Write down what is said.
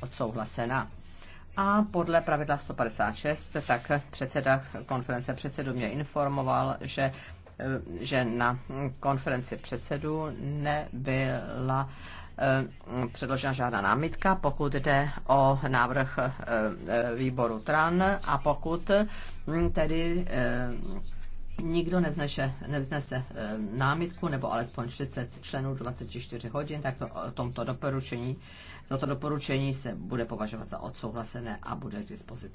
odsouhlasena. A podle pravidla 156, tak předseda konference předsedů mě informoval, že eh, že na konferenci předsedů nebyla eh, předložena žádná námitka, pokud jde o návrh eh, výboru TRAN a pokud mm, tedy nikdo nevznese, nevznese eh, námitku, nebo alespoň 40 členů 24 hodin, tak to, o tomto doporučení, toto doporučení se bude považovat za odsouhlasené a bude k dispozici.